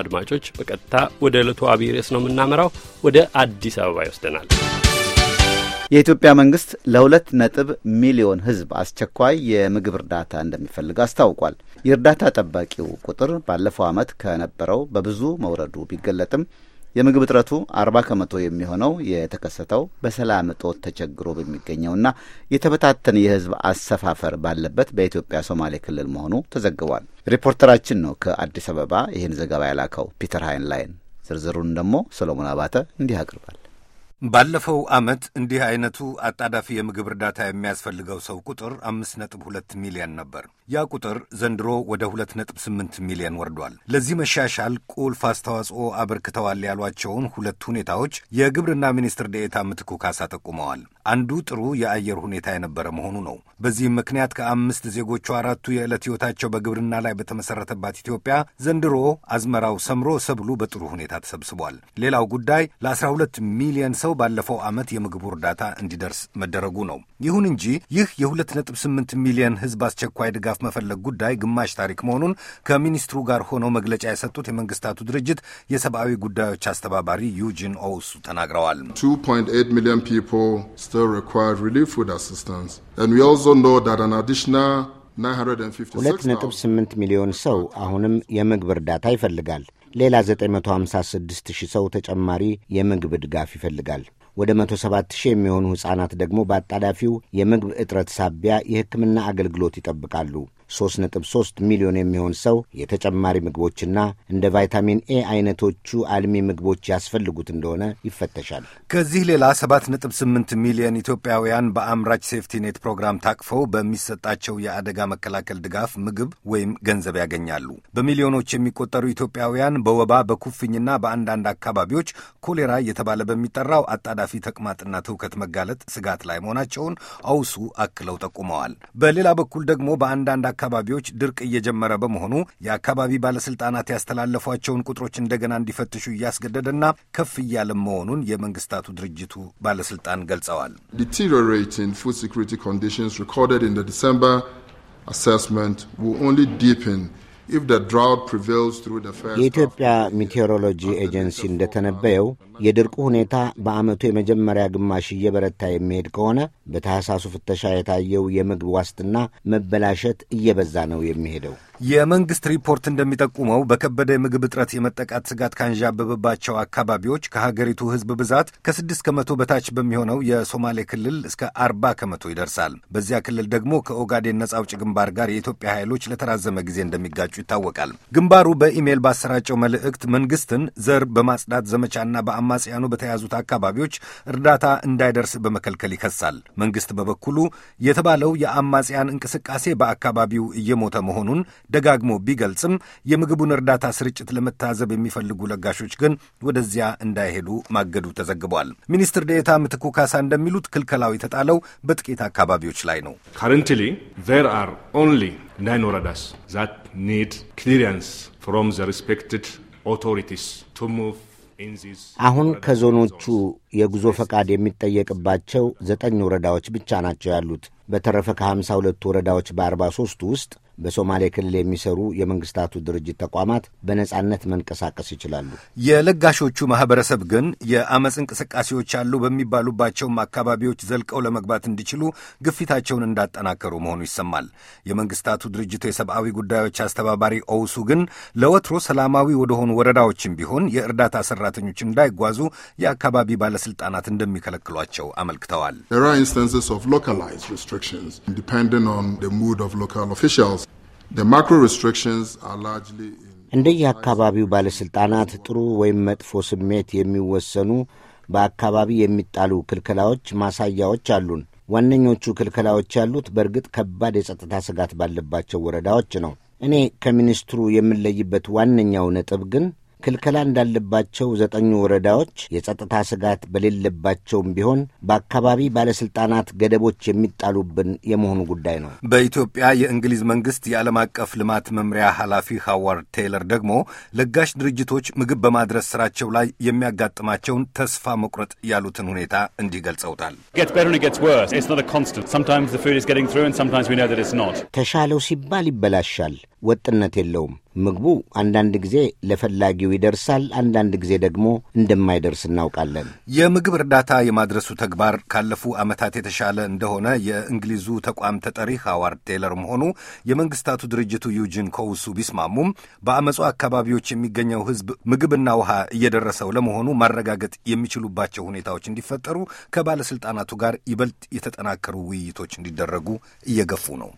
አድማጮች በቀጥታ ወደ ዕለቱ አብይ ርዕስ ነው የምናመራው። ወደ አዲስ አበባ ይወስደናል። የኢትዮጵያ መንግስት ለሁለት ነጥብ ሚሊዮን ሕዝብ አስቸኳይ የምግብ እርዳታ እንደሚፈልግ አስታውቋል። የእርዳታ ጠባቂው ቁጥር ባለፈው ዓመት ከነበረው በብዙ መውረዱ ቢገለጥም የምግብ እጥረቱ አርባ ከመቶ የሚሆነው የተከሰተው በሰላም እጦት ተቸግሮ በሚገኘውና የተበታተነ የህዝብ አሰፋፈር ባለበት በኢትዮጵያ ሶማሌ ክልል መሆኑ ተዘግቧል። ሪፖርተራችን ነው ከአዲስ አበባ ይህን ዘገባ ያላከው ፒተር ሃይንላይን። ዝርዝሩን ደግሞ ሰሎሞን አባተ እንዲህ አቅርባል። ባለፈው ዓመት እንዲህ አይነቱ አጣዳፊ የምግብ እርዳታ የሚያስፈልገው ሰው ቁጥር 5.2 ሚሊዮን ነበር። ያ ቁጥር ዘንድሮ ወደ 2.8 ሚሊዮን ወርዷል። ለዚህ መሻሻል ቁልፍ አስተዋጽኦ አበርክተዋል ያሏቸውን ሁለት ሁኔታዎች የግብርና ሚኒስትር ዴኤታ ምትኩ ካሳ ጠቁመዋል። አንዱ ጥሩ የአየር ሁኔታ የነበረ መሆኑ ነው። በዚህም ምክንያት ከአምስት ዜጎቹ አራቱ የዕለት ሕይወታቸው በግብርና ላይ በተመሠረተባት ኢትዮጵያ ዘንድሮ አዝመራው ሰምሮ ሰብሉ በጥሩ ሁኔታ ተሰብስቧል። ሌላው ጉዳይ ለ12 ሚሊዮን ሰው ባለፈው ዓመት የምግቡ እርዳታ እንዲደርስ መደረጉ ነው። ይሁን እንጂ ይህ የ2.8 ሚሊዮን ሕዝብ አስቸኳይ ድጋፍ መፈለግ ጉዳይ ግማሽ ታሪክ መሆኑን ከሚኒስትሩ ጋር ሆነው መግለጫ የሰጡት የመንግስታቱ ድርጅት የሰብአዊ ጉዳዮች አስተባባሪ ዩጂን ኦውሱ ተናግረዋል። still required relief food assistance. And we also know that an additional 958 ሚሊዮን ሰው አሁንም የምግብ እርዳታ ይፈልጋል። ሌላ 956 ሺህ ሰው ተጨማሪ የምግብ ድጋፍ ይፈልጋል። ወደ 107 ሺህ የሚሆኑ ሕፃናት ደግሞ በአጣዳፊው የምግብ እጥረት ሳቢያ የሕክምና አገልግሎት ይጠብቃሉ። 3.3 ሚሊዮን የሚሆን ሰው የተጨማሪ ምግቦችና እንደ ቫይታሚን ኤ አይነቶቹ አልሚ ምግቦች ያስፈልጉት እንደሆነ ይፈተሻል። ከዚህ ሌላ 7.8 ሚሊዮን ኢትዮጵያውያን በአምራች ሴፍቲኔት ፕሮግራም ታቅፈው በሚሰጣቸው የአደጋ መከላከል ድጋፍ ምግብ ወይም ገንዘብ ያገኛሉ። በሚሊዮኖች የሚቆጠሩ ኢትዮጵያውያን በወባ በኩፍኝና በአንዳንድ አካባቢዎች ኮሌራ እየተባለ በሚጠራው አጣዳፊ ተቅማጥና ትውከት መጋለጥ ስጋት ላይ መሆናቸውን አውሱ አክለው ጠቁመዋል። በሌላ በኩል ደግሞ በአንዳንድ አካባቢዎች ድርቅ እየጀመረ በመሆኑ የአካባቢ ባለስልጣናት ያስተላለፏቸውን ቁጥሮች እንደገና እንዲፈትሹ እያስገደደና ከፍ እያለ መሆኑን የመንግስታቱ ድርጅቱ ባለስልጣን ገልጸዋል። ሪኮርደድ ኢን ዘ ዲሰምበር አሴስመንት ዊል ኦንሊ ዲፕን የኢትዮጵያ ሚቴሮሎጂ ኤጀንሲ እንደተነበየው የድርቁ ሁኔታ በዓመቱ የመጀመሪያ ግማሽ እየበረታ የሚሄድ ከሆነ በታህሳሱ ፍተሻ የታየው የምግብ ዋስትና መበላሸት እየበዛ ነው የሚሄደው። የመንግስት ሪፖርት እንደሚጠቁመው በከበደ የምግብ እጥረት የመጠቃት ስጋት ካንዣበበባቸው አካባቢዎች ከሀገሪቱ ሕዝብ ብዛት ከስድስት ከመቶ በታች በሚሆነው የሶማሌ ክልል እስከ አርባ ከመቶ ይደርሳል። በዚያ ክልል ደግሞ ከኦጋዴን ነጻ አውጪ ግንባር ጋር የኢትዮጵያ ኃይሎች ለተራዘመ ጊዜ እንደሚጋጩ ይታወቃል። ግንባሩ በኢሜይል ባሰራጨው መልእክት መንግስትን ዘር በማጽዳት ዘመቻና በአማጽያኑ በተያዙት አካባቢዎች እርዳታ እንዳይደርስ በመከልከል ይከሳል። መንግስት በበኩሉ የተባለው የአማጽያን እንቅስቃሴ በአካባቢው እየሞተ መሆኑን ደጋግሞ ቢገልጽም የምግቡን እርዳታ ስርጭት ለመታዘብ የሚፈልጉ ለጋሾች ግን ወደዚያ እንዳይሄዱ ማገዱ ተዘግቧል። ሚኒስትር ዴኤታ ምትኩ ካሳ እንደሚሉት ክልከላው የተጣለው በጥቂት አካባቢዎች ላይ ነው። ካረንትሊ አር ኦንሊ ናይን ወረዳስ ዛት ኒድ need clearance from the respected authorities to move አሁን ከዞኖቹ የጉዞ ፈቃድ የሚጠየቅባቸው ዘጠኝ ወረዳዎች ብቻ ናቸው ያሉት። በተረፈ ከሃምሳ ሁለቱ ወረዳዎች በአርባ ሦስቱ ውስጥ በሶማሌ ክልል የሚሰሩ የመንግስታቱ ድርጅት ተቋማት በነጻነት መንቀሳቀስ ይችላሉ። የለጋሾቹ ማህበረሰብ ግን የአመፅ እንቅስቃሴዎች አሉ በሚባሉባቸውም አካባቢዎች ዘልቀው ለመግባት እንዲችሉ ግፊታቸውን እንዳጠናከሩ መሆኑ ይሰማል። የመንግስታቱ ድርጅቱ የሰብአዊ ጉዳዮች አስተባባሪ ኦውሱ ግን ለወትሮ ሰላማዊ ወደሆኑ ወረዳዎችም ቢሆን የእርዳታ ሰራተኞች እንዳይጓዙ የአካባቢ ባለ ባለስልጣናት እንደሚከለክሏቸው አመልክተዋል። እንደየአካባቢው ባለሥልጣናት ጥሩ ወይም መጥፎ ስሜት የሚወሰኑ በአካባቢ የሚጣሉ ክልከላዎች ማሳያዎች አሉን። ዋነኞቹ ክልከላዎች ያሉት በእርግጥ ከባድ የጸጥታ ስጋት ባለባቸው ወረዳዎች ነው። እኔ ከሚኒስትሩ የምለይበት ዋነኛው ነጥብ ግን ክልከላ እንዳለባቸው ዘጠኙ ወረዳዎች የጸጥታ ስጋት በሌለባቸውም ቢሆን በአካባቢ ባለስልጣናት ገደቦች የሚጣሉብን የመሆኑ ጉዳይ ነው። በኢትዮጵያ የእንግሊዝ መንግስት የዓለም አቀፍ ልማት መምሪያ ኃላፊ ሃዋርድ ቴይለር ደግሞ ለጋሽ ድርጅቶች ምግብ በማድረስ ስራቸው ላይ የሚያጋጥማቸውን ተስፋ መቁረጥ ያሉትን ሁኔታ እንዲህ ገልጸውታል። ተሻለው ሲባል ይበላሻል፣ ወጥነት የለውም። ምግቡ አንዳንድ ጊዜ ለፈላጊው ይደርሳል፣ አንዳንድ ጊዜ ደግሞ እንደማይደርስ እናውቃለን። የምግብ እርዳታ የማድረሱ ተግባር ካለፉ ዓመታት የተሻለ እንደሆነ የእንግሊዙ ተቋም ተጠሪ ሃዋርድ ቴይለር መሆኑ የመንግስታቱ ድርጅቱ ዩጂን ኮውሱ ቢስማሙም በአመፁ አካባቢዎች የሚገኘው ህዝብ ምግብና ውሃ እየደረሰው ለመሆኑ ማረጋገጥ የሚችሉባቸው ሁኔታዎች እንዲፈጠሩ ከባለስልጣናቱ ጋር ይበልጥ የተጠናከሩ ውይይቶች እንዲደረጉ እየገፉ ነው።